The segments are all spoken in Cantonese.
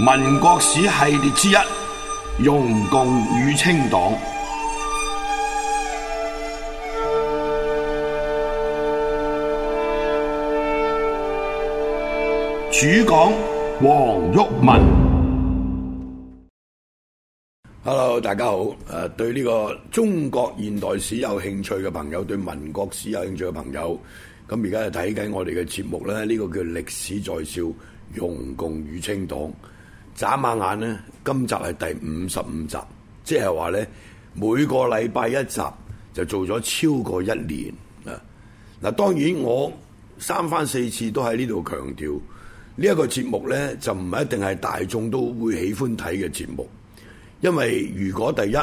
民國史系列之一，容共與清黨，主講黃毓民。Hello，大家好。誒、啊，對呢個中國現代史有興趣嘅朋友，對民國史有興趣嘅朋友，咁而家就睇緊我哋嘅節目咧。呢、這個叫歷史在笑，容共與清黨。眨下眼呢，今集係第五十五集，即係話呢每個禮拜一集就做咗超過一年啊！嗱，當然我三番四次都喺呢度強調，呢、這、一個節目呢就唔一定係大眾都會喜歡睇嘅節目，因為如果第一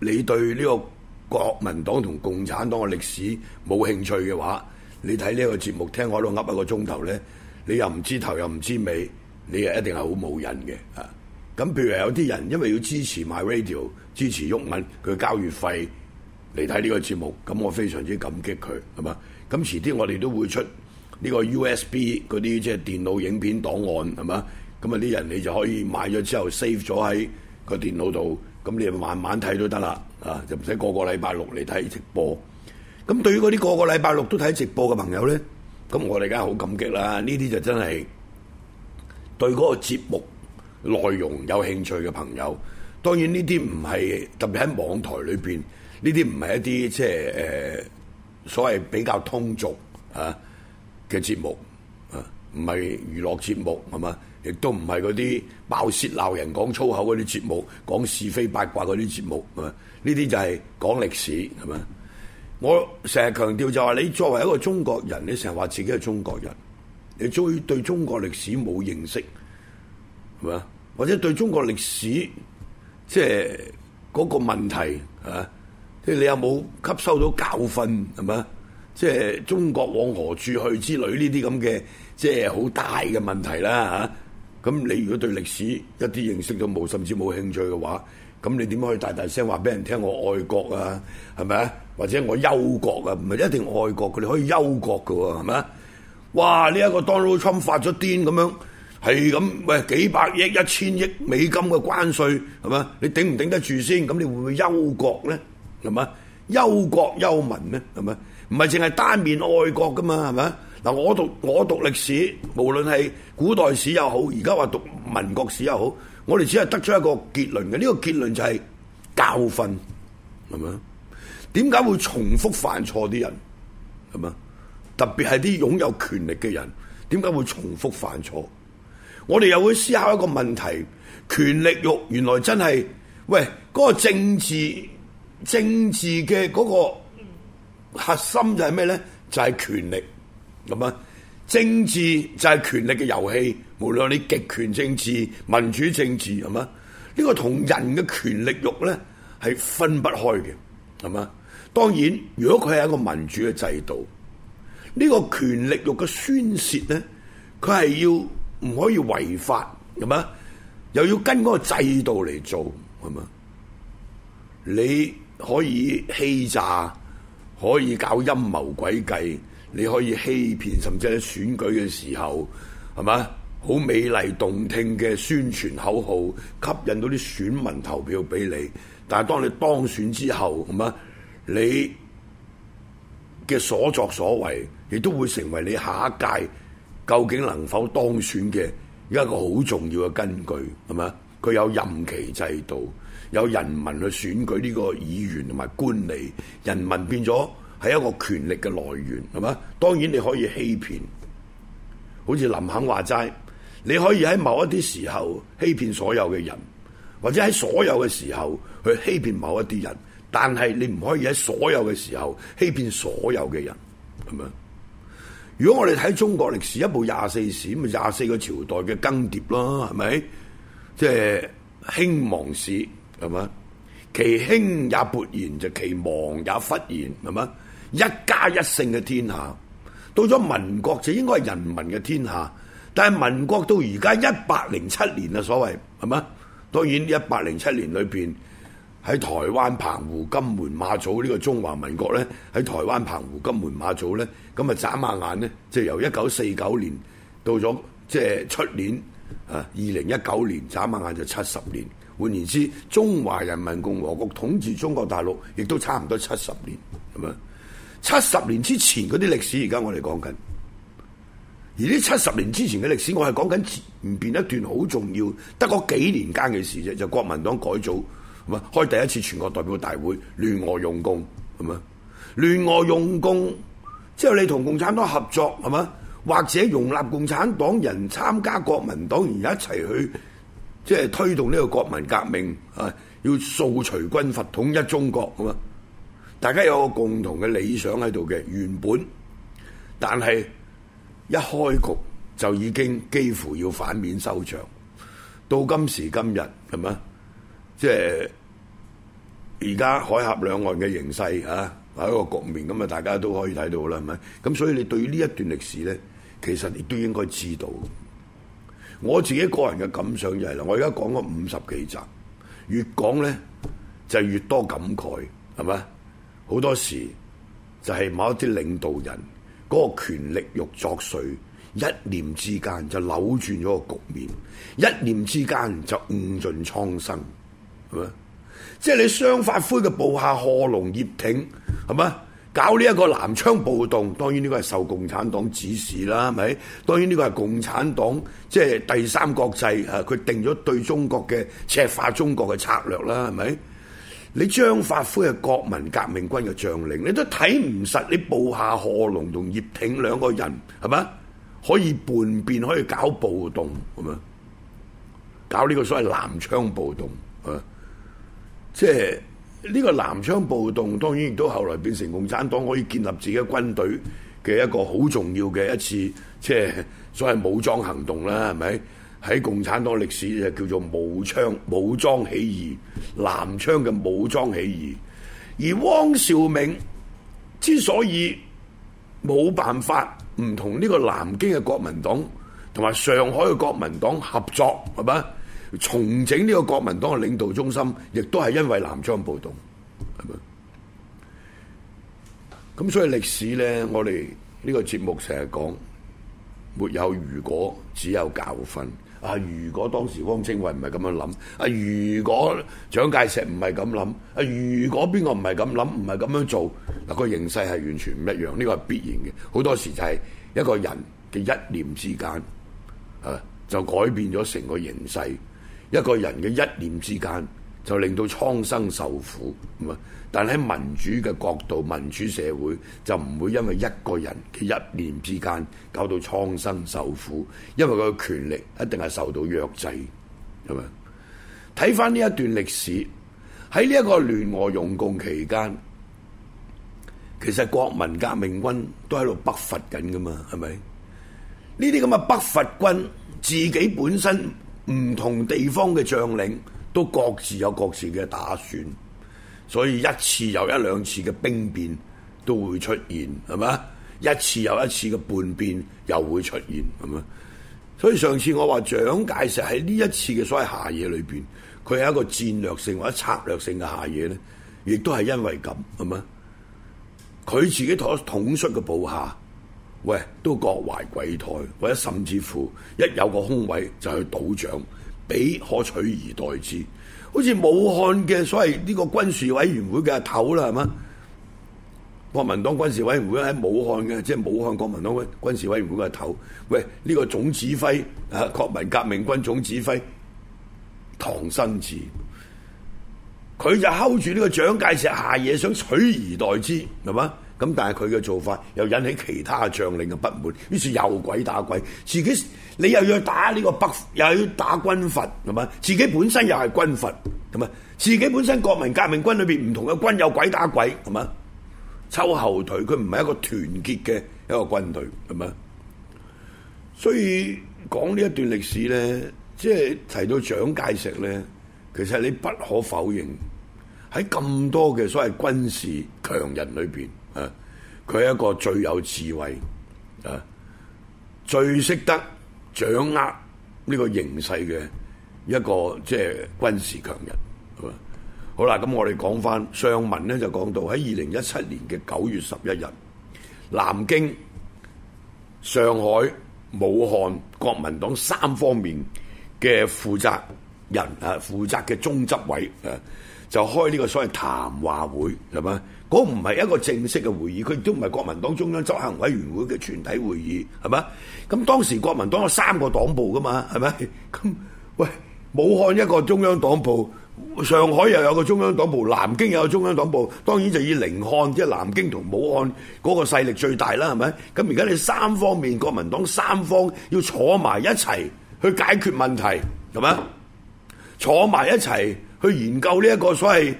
你對呢個國民黨同共產黨嘅歷史冇興趣嘅話，你睇呢一個節目聽我喺度噏一個鐘頭呢，你又唔知頭又唔知尾。你誒一定係好冇癮嘅啊！咁譬如有啲人因為要支持 MyRadio、支持毓民，佢交月費嚟睇呢個節目，咁我非常之感激佢係嘛。咁遲啲我哋都會出呢個 USB 嗰啲即係電腦影片檔案係嘛。咁啊啲人你就可以買咗之後 save 咗喺個電腦度，咁你慢慢睇都得啦啊！就唔使個個禮拜六嚟睇直播。咁對於嗰啲個個禮拜六都睇直播嘅朋友咧，咁我哋梗係好感激啦。呢啲就真係～對嗰個節目內容有興趣嘅朋友，當然呢啲唔係特別喺網台裏邊，呢啲唔係一啲即係誒所謂比較通俗啊嘅節目啊，唔係娛樂節目係嘛，亦都唔係嗰啲爆洩鬧人、講粗口嗰啲節目、講是非八卦嗰啲節目啊，呢啲就係講歷史係嘛。我成日強調就話你作為一個中國人，你成日話自己係中國人。你終於對中國歷史冇認識，係嘛？或者對中國歷史即係嗰個問題，即、啊、係你有冇吸收到教訓，係嘛？即係中國往何處去之類呢啲咁嘅，即係好大嘅問題啦嚇。咁、啊、你如果對歷史一啲認識都冇，甚至冇興趣嘅話，咁你點可以大大聲話俾人聽我愛國啊？係咪啊？或者我憂國啊？唔係一定愛國，佢哋可以憂國嘅喎，係咪啊？哇！呢、這、一個 Donald Trump 發咗癲咁樣，係咁喂幾百億、一千億美金嘅關稅，係咪？你頂唔頂得住先？咁你會唔會憂國咧？係咪？憂國憂民咧？係咪？唔係淨係單面愛國噶嘛？係咪？嗱，我讀我讀歷史，無論係古代史又好，而家話讀民國史又好，我哋只係得出一個結論嘅。呢、這個結論就係教訓，係咪？點解會重複犯錯啲人？係咪？特別係啲擁有權力嘅人，點解會重複犯錯？我哋又會思考一個問題：權力慾原來真係喂嗰、嗰個政治政治嘅嗰個核心就係咩呢？就係、係、權力咁啊！政治就係權力嘅遊戲，無論你極權政治、民主政治，係嘛？呢、呢個同人嘅權力慾呢，係分不開嘅，係嘛？當然，如果佢係一個民主嘅制度。呢個權力慾嘅宣泄呢，佢係要唔可以違法，係嘛？又要跟嗰個制度嚟做，係嘛？你可以欺詐，可以搞陰謀詭計，你可以欺騙，甚至喺選舉嘅時候，係嘛？好美麗動聽嘅宣傳口號，吸引到啲選民投票俾你，但係當你當選之後，係嘛？你嘅所作所為，亦都會成為你下一屆究竟能否當選嘅一個好重要嘅根據，係咪啊？佢有任期制度，有人民去選舉呢個議員同埋官吏，人民變咗係一個權力嘅來源，係咪啊？當然你可以欺騙，好似林肯話齋，你可以喺某一啲時候欺騙所有嘅人，或者喺所有嘅時候去欺騙某一啲人。但係你唔可以喺所有嘅時候欺騙所有嘅人，係咪？如果我哋睇中國歷史一部廿四史，咁廿四個朝代嘅更迭啦，係咪？即係興亡史，係咪？其興也勃然，就其亡也忽然，係咪？一家一姓嘅天下，到咗民國就應該係人民嘅天下，但係民國到而家一百零七年啦，所謂係咪？當然一百零七年裏邊。喺台灣、澎湖、金門、馬祖呢個中華民國咧，喺台灣、澎湖、金門、馬祖咧，咁啊眨下眼咧，即係由一九四九年到咗即係出年啊二零一九年，眨下眼就七十年。換言之，中華人民共和國統治中國大陸，亦都差唔多七十年，係咪？七十年之前嗰啲歷史，而家我哋講緊，而呢七十年之前嘅歷史，我係講緊前邊一段好重要，得嗰幾年間嘅事啫，就國民黨改組。開第一次全國代表大會，聯俄容共係咪？聯俄容共之後，你同共產黨合作係咪？或者容納共產黨人參加國民黨員一齊去，即係推動呢個國民革命啊？要掃除軍閥，統一中國咁啊！大家有個共同嘅理想喺度嘅，原本，但係一開局就已經幾乎要反面收場，到今時今日係咪？即係而家海峽兩岸嘅形勢嚇、啊，一個局面咁啊，大家都可以睇到啦，係咪？咁所以你對於呢一段歷史咧，其實你都應該知道。我自己個人嘅感想就係、是、啦，我而家講咗五十幾集，越講咧就越多感慨，係咪？好多時就係、是、某一啲領導人嗰、那個權力欲作祟，一念之間就扭轉咗個局面，一念之間就誤盡蒼生。係嘛？即係你張發奎嘅部下賀龍葉挺，係嘛？搞呢一個南昌暴動，當然呢個係受共產黨指示啦，係咪？當然呢個係共產黨即係第三國際啊，佢定咗對中國嘅赤化中國嘅策略啦，係咪？你張發奎係國民革命軍嘅將領，你都睇唔實你部下賀龍同葉挺兩個人係嘛？可以叛變，可以搞暴動，係嘛？搞呢個所謂南昌暴動，啊！即係呢個南昌暴動，當然亦都後來變成共產黨可以建立自己軍隊嘅一個好重要嘅一次，即係所謂武裝行動啦，係咪？喺共產黨歷史就叫做武昌武裝起義，南昌嘅武裝起義。而汪兆銘之所以冇辦法唔同呢個南京嘅國民黨同埋上海嘅國民黨合作，係咪？重整呢個國民黨嘅領導中心，亦都係因為南昌暴動，係咪？咁所以歷史咧，我哋呢個節目成日講，沒有如果，只有教訓。啊，如果當時汪精衛唔係咁樣諗，啊，如果蔣介石唔係咁諗，啊，如果邊個唔係咁諗，唔係咁樣做，嗱、那個形勢係完全唔一樣。呢、這個係必然嘅，好多時就係一個人嘅一念之間，誒、啊，就改變咗成個形勢。一個人嘅一念之間，就令到蒼生受苦。唔係，但喺民主嘅角度，民主社會就唔會因為一個人嘅一念之間，搞到蒼生受苦。因為佢嘅權力一定係受到約制，係咪？睇翻呢一段歷史，喺呢一個聯俄容共期間，其實國民革命軍都喺度北伐緊噶嘛？係咪？呢啲咁嘅北伐軍自己本身。唔同地方嘅將領都各自有各自嘅打算，所以一次又一兩次嘅兵變都會出現，係嘛？一次又一次嘅叛變又會出現，係嘛？所以上次我話蔣介石喺呢一次嘅所謂下野裏邊，佢係一個戰略性或者策略性嘅下野咧，亦都係因為咁，係嘛？佢自己坐統率嘅部下。喂，都各懷鬼胎，或者甚至乎一有個空位就去倒掌，俾可取而代之。好似武漢嘅所謂呢個軍事委員會嘅頭啦，係嘛？國民黨軍事委員會喺武漢嘅，即係武漢國民黨軍事委員會嘅頭。喂，呢個總指揮啊，國民革命軍總指揮唐生智，佢就 hold 住呢個蔣介石下野，想取而代之，係嘛？咁但係佢嘅做法又引起其他嘅將領嘅不滿，於是又鬼打鬼，自己你又要打呢個北，又要打軍閥，係嘛？自己本身又係軍閥，係嘛？自己本身國民革命軍裏邊唔同嘅軍有鬼打鬼，係嘛？抽後腿，佢唔係一個團結嘅一個軍隊，係嘛？所以講呢一段歷史咧，即係提到蔣介石咧，其實你不可否認喺咁多嘅所謂軍事強人裏邊。佢係、啊、一個最有智慧，誒、啊，最識得掌握呢個形勢嘅一個即係軍事強人，係嘛？好啦，咁我哋講翻上文咧，就講到喺二零一七年嘅九月十一日，南京、上海、武漢國民黨三方面嘅負責人誒，負、啊、責嘅中執委誒、啊，就開呢個所謂談話會，係嘛？嗰唔係一個正式嘅會議，佢亦都唔係國民黨中央執行委員會嘅全體會議，係嘛？咁當時國民黨有三個黨部噶嘛，係咪？咁喂，武漢一個中央黨部，上海又有一個中央黨部，南京又有一個中央黨部，當然就以寧漢，即係南京同武漢嗰個勢力最大啦，係咪？咁而家你三方面國民黨三方要坐埋一齊去解決問題，係咪？坐埋一齊去研究呢、這、一個所謂。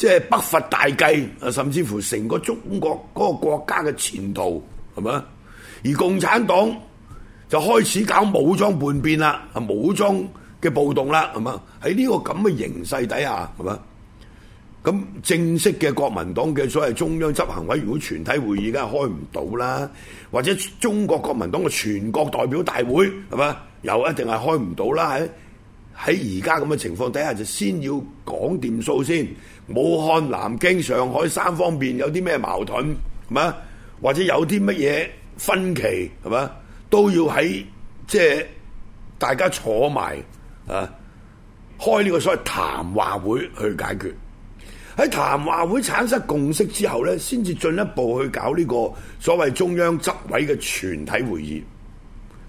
即係北伐大計，啊，甚至乎成個中國嗰個國家嘅前途係咪啊？而共產黨就開始搞武裝叛變啦，啊，武裝嘅暴動啦，係咪？喺呢個咁嘅形勢底下，係咪？咁正式嘅國民黨嘅所謂中央執行委員會全體會議梗係開唔到啦，或者中國國民黨嘅全國代表大會係咪？又一定係開唔到啦，係。喺而家咁嘅情況底下，就先要講掂數先。武漢、南京、上海三方面有啲咩矛盾，係嘛？或者有啲乜嘢分歧，係嘛？都要喺即係大家坐埋啊，開呢個所謂談話會去解決。喺談話會產生共識之後呢，先至進一步去搞呢個所謂中央執委嘅全體會議。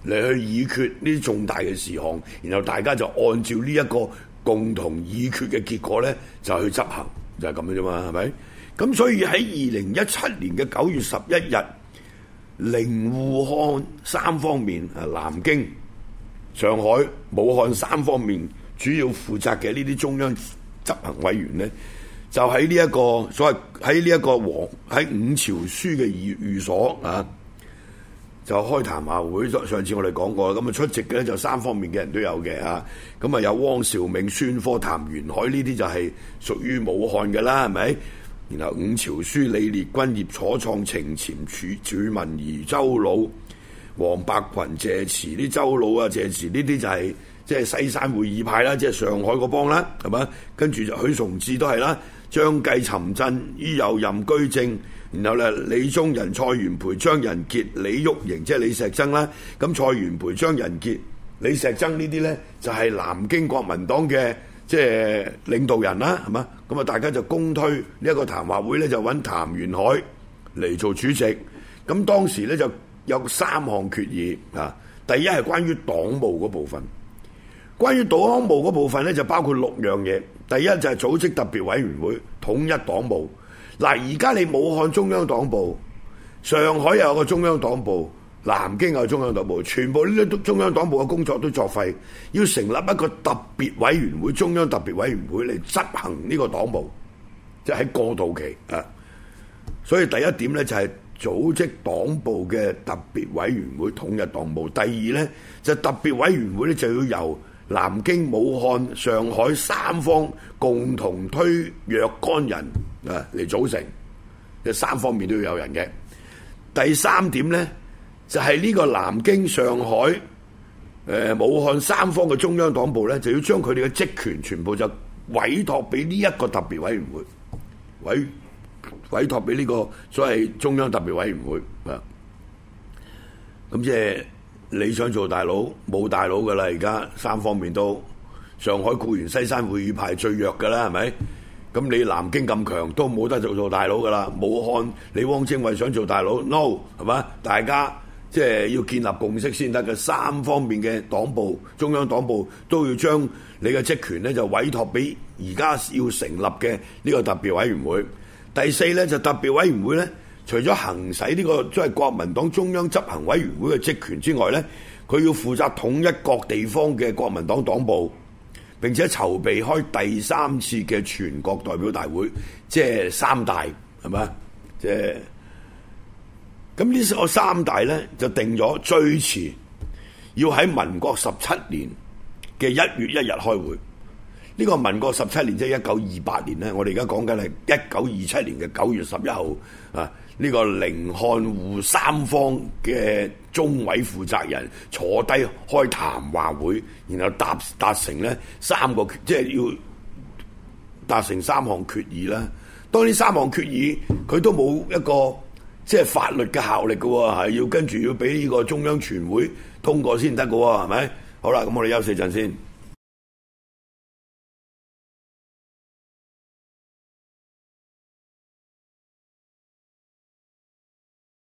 你去議決呢啲重大嘅事項，然後大家就按照呢一個共同議決嘅結果咧，就去執行，就係咁樣啫嘛，係咪？咁所以喺二零一七年嘅九月十一日，寧滬漢三方面啊，南京、上海、武漢三方面主要負責嘅呢啲中央執行委員咧，就喺呢一個所謂喺呢一個皇喺伍朝樞嘅寓所啊。就開談話會，上次我哋講過。咁啊，出席嘅咧就三方面嘅人都有嘅嚇，咁啊有汪兆銘、孫科、譚元海呢啲就係屬於武漢嘅啦，係咪？然後伍朝樞、李烈鈞、葉楚傖、程潛、褚、褚民誼、鄒魯、黃伯群、謝持啲、鄒魯啊謝持，呢啲就係即係西山會議派啦，即係上海嗰幫啦，係嘛？跟住就許崇智都係啦，張繼、沉鎮、于右任、居正。然後咧，李宗仁、蔡元培、張人傑、李煜瀛，即係李石曾啦。咁蔡元培、張人傑、李石曾呢啲呢，就係南京國民黨嘅即係領導人啦，係嘛？咁啊，大家就公推呢一個談話會呢就揾譚延闓嚟做主席。咁當時呢，就有三項決議啊。第一係關於黨務嗰部分，關於黨務嗰部分呢，就包括六樣嘢。第一就係組織特別委員會統一黨務。嗱，而家你武漢中央黨部、上海又有個中央黨部、南京又有中央黨部，全部呢啲中央黨部嘅工作都作廢，要成立一個特別委員會、中央特別委員會嚟執行呢個黨部，即係過渡期啊。所以第一點呢，就係組織黨部嘅特別委員會統一黨務，第二呢，就特別委員會呢，就要由南京、武漢、上海三方共同推若干人啊嚟組成，即係三方面都要有人嘅。第三點呢，就係呢個南京、上海、誒武漢三方嘅中央黨部呢，就要將佢哋嘅職權全部就委託俾呢一個特別委員會，委委託俾呢個所謂中央特別委員會，啊。咁即係。你想做大佬冇大佬噶啦，而家三方面都上海固然西山會議派最弱噶啦，係咪？咁你南京咁強都冇得做做大佬噶啦，武漢你汪精衛想做大佬 no 係嘛？大家即係要建立共識先得嘅，三方面嘅黨部中央黨部都要將你嘅職權呢就委託俾而家要成立嘅呢個特別委員會。第四呢，就特別委員會呢。除咗行使呢個即係國民黨中央執行委員會嘅職權之外呢，佢要負責統一各地方嘅國民黨黨部，並且籌備開第三次嘅全國代表大會，即係三大，係咪？即係咁，呢個三大呢，就定咗最遲要喺民國十七年嘅一月一日開會。呢個民國十七年即係一九二八年呢，我哋而家講緊係一九二七年嘅九月十一號啊！呢個寧漢滬三方嘅中委負責人坐低開談話會，然後達達成咧三個決，即係要達成三項決議啦。當呢三項決議佢都冇一個即係法律嘅效力㗎喎，係要跟住要俾呢個中央全會通過先得㗎喎，係咪？好啦，咁我哋休息陣先。